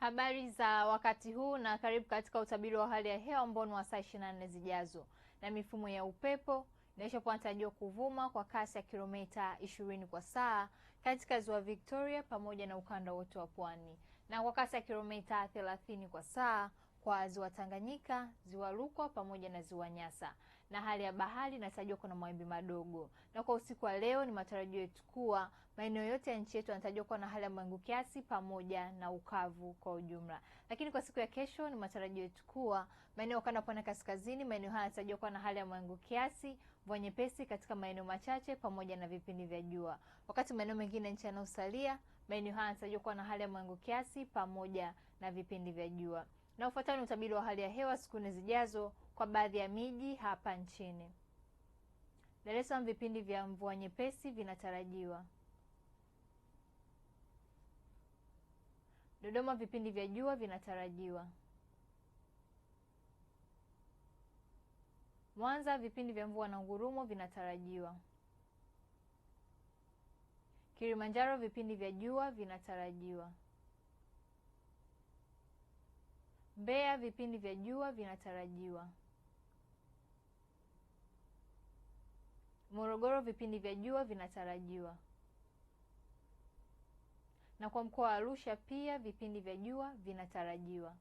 Habari za wakati huu na karibu katika utabiri wa hali ya hewa ambao ni wa saa 24 zijazo. Na mifumo ya upepo inaishakuwa inatarajiwa kuvuma kwa kasi ya kilomita 20 kwa saa katika ziwa Victoria pamoja na ukanda wote wa pwani na kwa kasi ya kilomita 30 kwa saa kwa ziwa Tanganyika, ziwa Rukwa pamoja na ziwa Nyasa, na hali ya bahari inatajwa kuna mawimbi madogo. Na kwa usiku wa leo, ni matarajio yetu kuwa maeneo yote ya nchi yetu yanatajwa kuwa na hali ya mawingu kiasi pamoja na ukavu kwa ujumla. Lakini kwa siku ya kesho, ni matarajio yetu kuwa maeneo ukanda pwani kaskazini, maeneo haya yanatajwa kuwa na hali ya mawingu kiasi, mvua nyepesi katika maeneo machache pamoja na vipindi vya jua, wakati maeneo mengine nchi yanayosalia, maeneo haya yanatajwa kuwa na hali ya mawingu kiasi pamoja na vipindi vya jua. Na ufuatao ni utabiri wa hali ya hewa siku nne zijazo kwa baadhi ya miji hapa nchini. Dar es Salaam, vipindi vya mvua nyepesi vinatarajiwa. Dodoma, vipindi vya jua vinatarajiwa. Mwanza, vipindi vya mvua na ngurumo vinatarajiwa. Kilimanjaro, vipindi vya jua vinatarajiwa. Mbeya vipindi vya jua vinatarajiwa. Morogoro vipindi vya jua vinatarajiwa. Na kwa mkoa wa Arusha pia vipindi vya jua vinatarajiwa.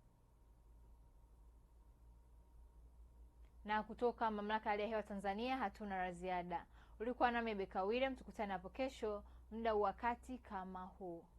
Na kutoka Mamlaka ya Hali ya Hewa Tanzania hatuna la ziada. Ulikuwa nami Beka William, tukutane hapo kesho muda wakati kama huu.